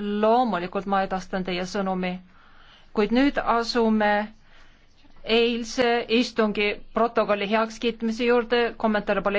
loomulikult ma edastan teie sõnumi, kuid nüüd asume eilse istungi protokolli heakskiitmise juurde, kommentaare pole